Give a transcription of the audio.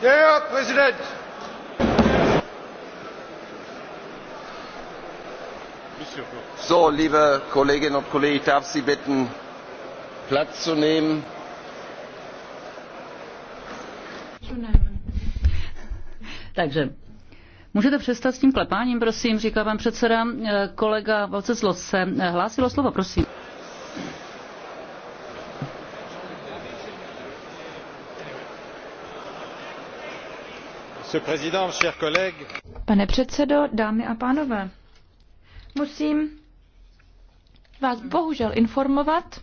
Herr Präsident! So, liebe Kolleginnen und Kollegen, ich darf Sie bitten, Platz zu nehmen. Takže Můžete přestat s tím klepáním, prosím, říká vám předseda. Eh, kolega Valceslos se eh, hlásil o slovo, prosím. Pane předsedo, dámy a pánové, musím vás bohužel informovat,